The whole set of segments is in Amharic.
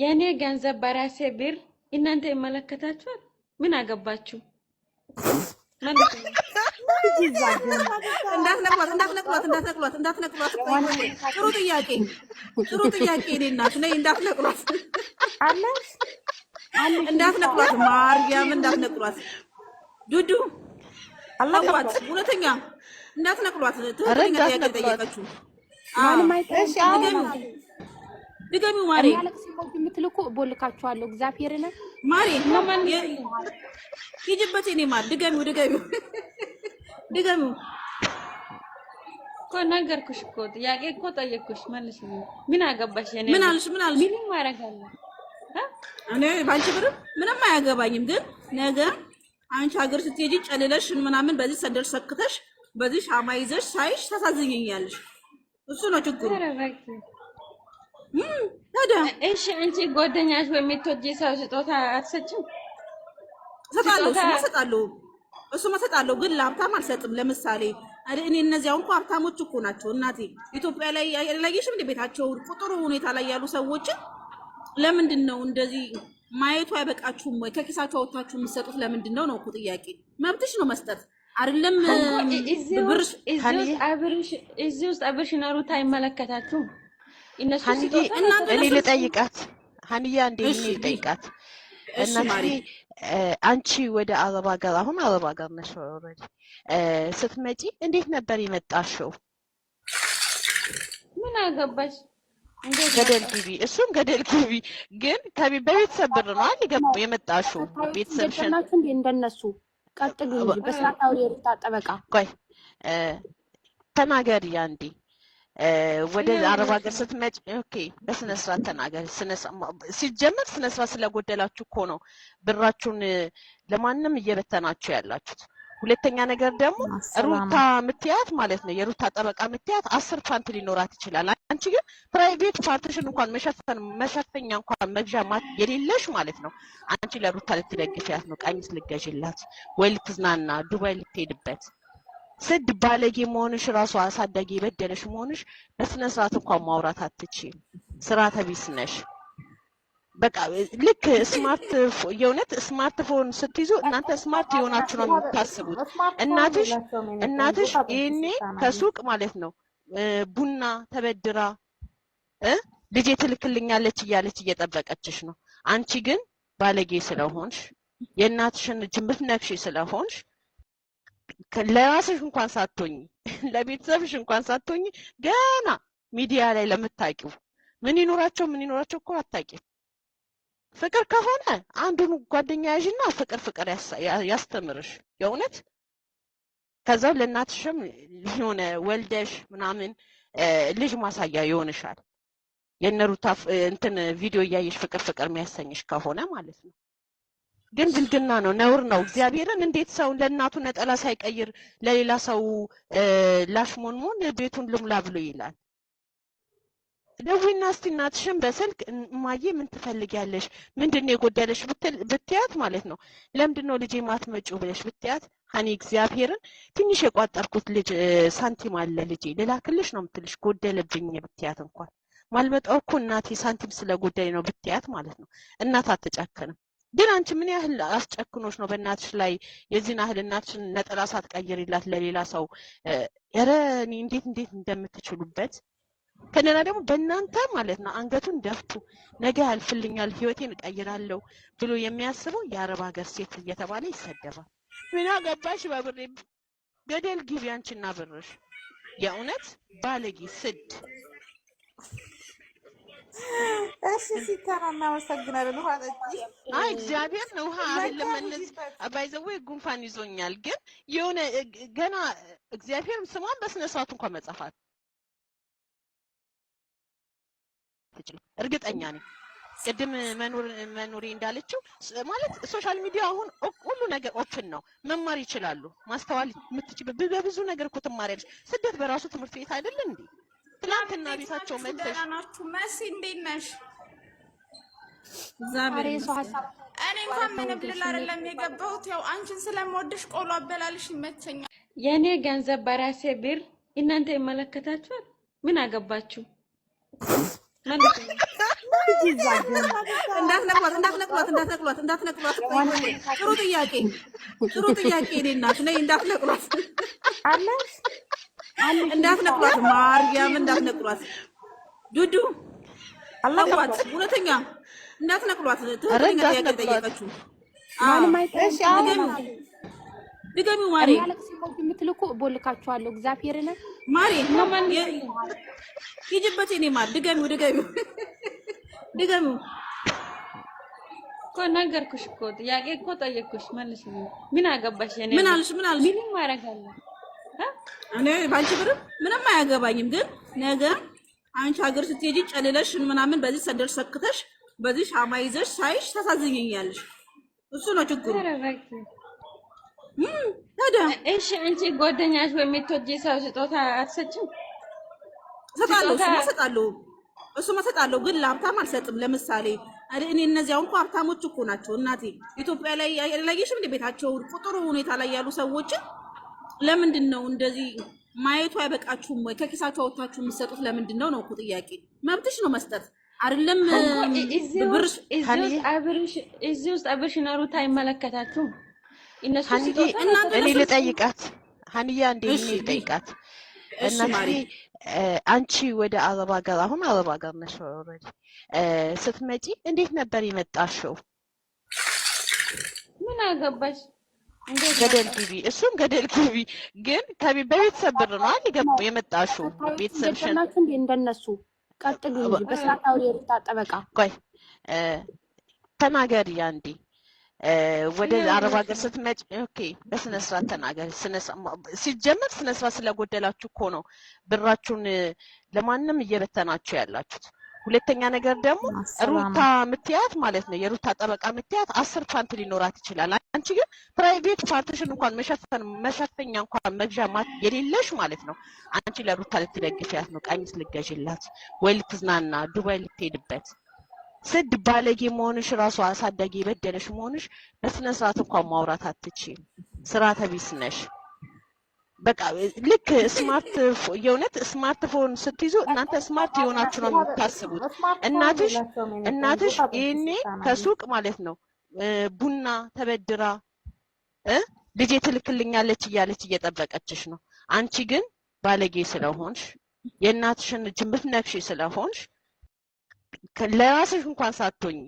የእኔ ገንዘብ በራሴ ብር እናንተ ይመለከታችኋል? ምን አገባችሁ? እንዳትነቅሏት እንዳትነቅሏት ጥሩ ጥያቄ ጥሩ ጥያቄ። እኔ እናት ነኝ። እንዳትነቅሏት እንዳትነቅሏት፣ ማርያም እንዳትነቅሏት። ዱዱ አላቋት እውነተኛ እንዳትነቅሏት። ትክክለኛ ጥያቄ ጠየቀችው። ድገሚ ማሬ። ማለቅስ የምትልኩ ቦልካችኋለሁ። እግዚአብሔር ነ ማሬ ሂጅበት ኔ ማር ድገሚው፣ ድገሚው፣ ድገሚው እኮ ነገርኩሽ እኮ ጥያቄ እኮ ጠየቅኩሽ። መልስ ምን አገባሽ? ምን አልሽ? ምን አልሽ? ምንም አያረጋለሁ እኔ ባንቺ ብርም ምንም አያገባኝም። ግን ነገ አንቺ ሀገር ስትሄጂ ጨልለሽ ምናምን በዚህ ሰንደል ሰክተሽ በዚህ ሻማ ይዘሽ ሳይሽ ታሳዝኝኛለሽ። እሱ ነው ችግሩ። እሺ አንቺ ጓደኛሽ በሚትወጂ ሰው ስጦታ አትሰጭም? እሰጣለሁ፣ እሱማ እሰጣለሁ፣ ግን ለሀብታም አልሰጥም። ለምሳሌ እኔ እነዚህ አሁን ሀብታሞች እኮ ናቸው እናቴ። ኢትዮጵያ ላይ ላየሽም እንደ ቤታቸው ጥሩ ሁኔታ ላይ ያሉ ሰዎችን ለምንድን ነው እንደዚህ ማየቱ አይበቃችሁም ወይ? ከኪሳችሁ አውጥታችሁ የምትሰጡት ለምንድን ነው ነው እኮ ጥያቄ። መብትሽ ነው መስጠት አይደለም። እዚህ ውስጥ አብርሽ እና ሩታ አይመለከታችሁም እኔ ልጠይቃት ሀንያ ልጠይቃት አንቺ ወደ አረብ ሀገር አሁን አረብ ሀገር ነሽ ኦልሬዲ ስትመጪ እንዴት ነበር የመጣሽው? ምን አገባሽ? ገደል ግቢ፣ እሱም ገደል ግቢ። ግን በቤተሰብ ብር ነው አይደል የመጣሽው? እንዴ እንደነሱ ቀጥሉ። በስራታው የሩታ ጠበቃ ቆይ ተናገሪ አንዴ ወደ አረብ ሀገር ስትመጪ ኦኬ፣ በስነ ስርዓት ተናገር። ሲጀመር ስነ ስርዓት ስለጎደላችሁ እኮ ነው ብራችሁን ለማንም እየበተናችሁ ያላችሁት። ሁለተኛ ነገር ደግሞ ሩታ ምትያት ማለት ነው የሩታ ጠበቃ ምትያት አስር ፓንት ሊኖራት ይችላል። አንቺ ግን ፕራይቬት ፓርትሽን እንኳን መሸፈን መሸፈኛ እንኳን መግዣ የሌለሽ ማለት ነው። አንቺ ለሩታ ልትደግፊያት ነው ቀሚስ ልገዥላት ወይ ልትዝናና ዱባይ ልትሄድበት ስድ ባለጌ መሆንሽ ራሱ አሳዳጊ የበደለሽ መሆንሽ በስነ ስርዓት እንኳን ማውራት አትችይም። ስራ ተቢስ ነሽ። በቃ ልክ ስማርት የእውነት ስማርት ፎን ስትይዙ እናንተ ስማርት የሆናችሁ ነው የምታስቡት። እናትሽ እናትሽ ይህኔ ከሱቅ ማለት ነው ቡና ተበድራ ልጄ ትልክልኛለች እያለች እየጠበቀችሽ ነው። አንቺ ግን ባለጌ ስለሆንሽ የእናትሽን እጅ ምትነክሽ ስለሆንሽ ለራስሽ እንኳን ሳቶኝ ለቤተሰብሽ እንኳን ሳቶኝ ገና ሚዲያ ላይ ለምታቂው ምን ይኖራቸው ምን ይኖራቸው እኮ አታቂም። ፍቅር ከሆነ አንዱን ጓደኛ ያዥና ፍቅር ፍቅር ያስተምርሽ የእውነት ከዛ ለእናትሽም የሆነ ወልደሽ ምናምን ልጅ ማሳያ ይሆንሻል። የነሩታ እንትን ቪዲዮ እያየሽ ፍቅር ፍቅር የሚያሰኝሽ ከሆነ ማለት ነው። ግን ድንግና ነው፣ ነውር ነው። እግዚአብሔርን እንዴት ሰው ለእናቱ ነጠላ ሳይቀይር ለሌላ ሰው ላሽሞንሞን ቤቱን ልሙላ ብሎ ይላል። ደዊና እስቲ እናትሽን በስልክ እማዬ ምን ትፈልጊያለሽ? ምንድን ነው የጎደለሽ ብትያት ማለት ነው። ለምንድን ነው ልጄ ማትመጪው ብለሽ ብትያት ሀኒ እግዚአብሔርን ትንሽ የቋጠርኩት ልጅ ሳንቲም አለ ልጄ ልላክልሽ ነው ምትልሽ፣ ጎደለብኝ ብትያት እንኳን ማልመጣው እኮ እናቴ ሳንቲም ስለጎደለኝ ነው ብትያት ማለት ነው። እናት አትጨክንም። ግን አንቺ ምን ያህል አስጨክኖች ነው በእናትሽ ላይ የዚህን ያህል እናትሽን ነጠላ ሳትቀይሪላት ለሌላ ሰው ኧረ እኔ እንዴት እንዴት እንደምትችሉበት ከነና ደግሞ በእናንተ ማለት ነው አንገቱን ደፍቱ ነገ ያልፍልኛል ህይወቴን እቀይራለሁ ብሎ የሚያስበው የአረብ ሀገር ሴት እየተባለ ይሰደባል። ምን አገባሽ በብሬ ገደል ግቢ አንቺና ብርሽ የእውነት ባለጌ ስድ እሺ ሲታራ እናመሰግናለን። ውሃ ጠጪ። አይ እግዚአብሔር ነው ውሃ አይደለም። አባይ ባይዘዌ ጉንፋን ይዞኛል፣ ግን የሆነ ገና እግዚአብሔር ስሟን በስነ ስርዓቱ እንኳን መጻፋት እርግጠኛ ነኝ። ቅድም መኖሬ እንዳለችው ማለት ሶሻል ሚዲያ አሁን ሁሉ ነገር ኦፕን ነው። መማር ይችላሉ። ማስተዋል የምትችል በብዙ ነገር እኮ ትማሪያለሽ። ስደት በራሱ ትምህርት ቤት አይደለም እንዴ? ትናንትና ቤታቸው መተሽ መሲ እንዴት ነሽ? እኔ እንኳን ምንም ልል አይደለም የገባሁት። ያው አንቺን ስለምወድሽ ቆሎ አበላልሽ ይመቸኛል። የእኔ ገንዘብ በራሴ ብር እናንተ ይመለከታችኋል። ምን አገባችሁ? እንዳትነቅሏት እንዳትነቅሏት እንዳትነቅሏት እንዳትነቅሏት። ጥሩ ጥያቄ ጥሩ ጥያቄ። እኔ እናት ነይ እንዳትነቅሏት አለ እንዳትነቅሏት፣ ማርያም እንዳትነቅሏት፣ ዱዱ አላቋት እውነተኛ እንዳትነቅሏት። ትክክለኛ ጥያቄ ጠየቀችው። ድገሚው ማሬ የምትልኩ ቦልካችኋለሁ። እግዚአብሔርን ማሬ ሂጂበት የኔ ማር ድገሚው፣ ድገሚው፣ ድገሚው እኮ ነገርኩሽ እኮ ጥያቄ እኮ ጠየቅኩሽ መልስ። ምን አገባሽ? ምን አልሽ? ምን አልሽ? ምንም አደርጋለሁ እኔ ባንቺ ብርም ምንም አያገባኝም። ግን ነገ አንቺ ሀገር ስትሄጂ ጨልለሽ ምናምን በዚህ ሰደር ሰክተሽ በዚህ ሻማ ይዘሽ ሳይሽ ታሳዝኘኛለሽ። እሱ ነው ችግሩ። ታዲያ እሺ፣ አንቺ ጓደኛሽ ወይም የምትወጂው ሰው ስጦታ አትሰጭም? እሰጣለሁ፣ እሱማ እሰጣለሁ፣ ግን ለሀብታም አልሰጥም። ለምሳሌ እኔ እነዚያ እንኳ ሀብታሞች እኮ ናቸው እናቴ። ኢትዮጵያ ላይ ላየሽም ቤታቸው ጥሩ ሁኔታ ላይ ያሉ ሰዎችን ለምንድን ነው እንደዚህ ማየቱ አይበቃችሁም ወይ? ከኪሳችሁ አወታችሁ የምትሰጡት ለምንድን ነው ነው እኮ ጥያቄ። መብትሽ ነው መስጠት አይደለም። እዚህ ውስጥ አብርሽና ሩታ አይመለከታችሁም። እኔ ልጠይቃት ሀንያ እንዴ ልጠይቃት እናትዬ አንቺ ወደ አረብ ሀገር አሁን አረብ ሀገር ነሽ ኦልሬዲ ስትመጪ እንዴት ነበር የመጣሽው? ምን አገባሽ ገደል ግቢ፣ እሱም ገደል ግቢ። ግን በቤተሰብ ብር ነው አይደል የመጣሽው? ቤተሰብሽን እንደነሱ ቀጥሉ እንጂ በስራታው የሩታ ጠበቃ ቆይ ተናገሪ አንዴ። ወደ አረብ ሀገር ስትመጭ፣ ኦኬ፣ በስነ ስርዓት ተናገሪ። ሲጀመር ስነ ስርዓት ስለጎደላችሁ እኮ ነው ብራችሁን ለማንም እየበተናችሁ ያላችሁት። ሁለተኛ ነገር ደግሞ ሩታ ምትያት ማለት ነው የሩታ ጠበቃ ምትያት አስር ፓንት ሊኖራት ይችላል። አንቺ ግን ፕራይቬት ፓርትሽን እንኳን መሸፈን መሸፈኛ እንኳን መግዣ የሌለሽ ማለት ነው። አንቺ ለሩታ ልትደግፊያት ነው ቀሚስ ልገዥላት ወይ ልትዝናና ዱባይ ልትሄድበት ስድ ባለጌ መሆንሽ ራሱ አሳዳጊ የበደለሽ መሆንሽ በስነስርዓት እንኳን ማውራት አትችይም። ስራ ቢስ ነሽ። በቃ ልክ ስማርት የእውነት ስማርትፎን ስትይዙ እናንተ ስማርት የሆናችሁ ነው የምታስቡት። እናትሽ እናትሽ ይህኔ ከሱቅ ማለት ነው ቡና ተበድራ ልጄ ትልክልኛለች እያለች እየጠበቀችሽ ነው። አንቺ ግን ባለጌ ስለሆንሽ የእናትሽን እጅ ስለሆንሽ ለራስሽ እንኳን ሳትሆኝ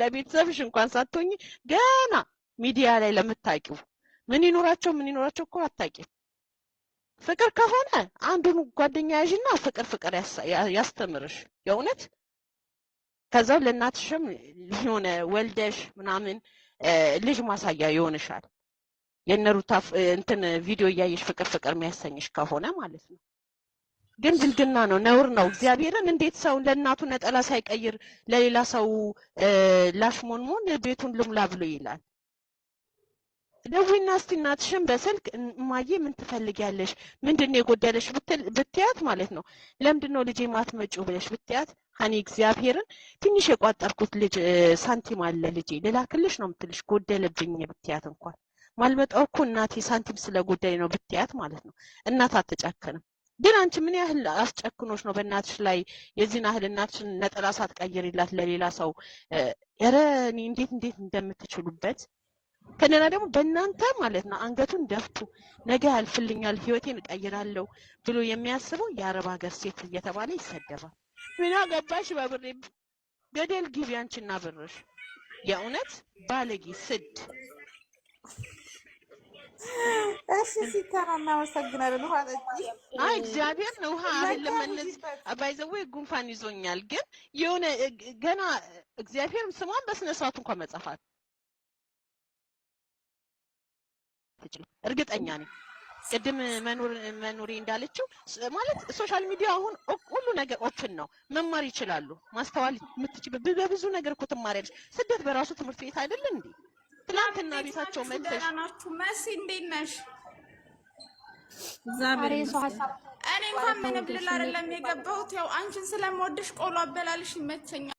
ለቤተሰብሽ እንኳን ሳትሆኝ ገና ሚዲያ ላይ ለምታውቂው ምን ይኖራቸው ምን ይኖራቸው እኮ አታውቂም። ፍቅር ከሆነ አንዱን ጓደኛ ያዥና ፍቅር ፍቅር ያስተምርሽ የእውነት ከዛው ለእናትሽም የሆነ ወልደሽ ምናምን ልጅ ማሳያ ይሆንሻል። የነሩታ እንትን ቪዲዮ እያየሽ ፍቅር ፍቅር የሚያሰኝሽ ከሆነ ማለት ነው። ግን ብልግና ነው፣ ነውር ነው። እግዚአብሔርን እንዴት ሰው ለእናቱ ነጠላ ሳይቀይር ለሌላ ሰው ላሽ ቤቱን ልሙላ ብሎ ይላል? ደዊና እስቲ እናትሽን በስልክ እማዬ ምን ትፈልጊያለሽ? ምንድን ነው የጎደለሽ ብትያት ማለት ነው። ለምንድን ነው ልጄ ማትመጪው ብለሽ ብትያት ሀኒ እግዚአብሔርን ትንሽ የቋጠርኩት ልጅ ሳንቲም አለ ልጄ ልላክልሽ ነው የምትልሽ። ጎደለብኝ ብትያት እንኳን ማልመጣው እኮ እናቴ ሳንቲም ስለጎደለኝ ነው ብትያት ማለት ነው። እናት አትጨክንም። ግን አንቺ ምን ያህል አስጨክኖች ነው በእናትሽ ላይ የዚህን ያህል እናትሽን ነጠላ ሳትቀይርላት ለሌላ ሰው ረ እኔ እንዴት እንዴት እንደምትችሉበት ከደና ደግሞ በእናንተ ማለት ነው አንገቱን ደፍቶ ነገ ያልፍልኛል ህይወቴን እቀይራለሁ ብሎ የሚያስበው የአረብ ሀገር ሴት እየተባለ ይሰደባል። ምን አገባሽ በብሬ ገደል ግቢ አንቺና ብርሽ። የእውነት ባለጌ ስድ። እሺ ሲታና እናመሰግናለን። ውሃ አይ እግዚአብሔር ነው ውሃ አይደለም። እነዚህ አባይዘዌ ጉንፋን ይዞኛል፣ ግን የሆነ ገና እግዚአብሔር ስሟን በስነ ስርዓቱ እንኳን መጻፋት አትችልም። እርግጠኛ ነኝ። ቅድም መኖሪ እንዳለችው ማለት ሶሻል ሚዲያ አሁን ሁሉ ነገር ኦፕን ነው። መማር ይችላሉ። ማስተዋል የምትችል በብዙ ነገር እኮ ትማሪያለች። ስደት በራሱ ትምህርት ቤት አይደል እንዴ? ትናንትና ቤታቸው መጥተሽ መሲ እንዴት ነሽ? እኔ እንኳን ምንም ልል አይደለም የገባሁት። ያው አንቺን ስለምወድሽ ቆሎ አበላልሽ ይመቸኛል።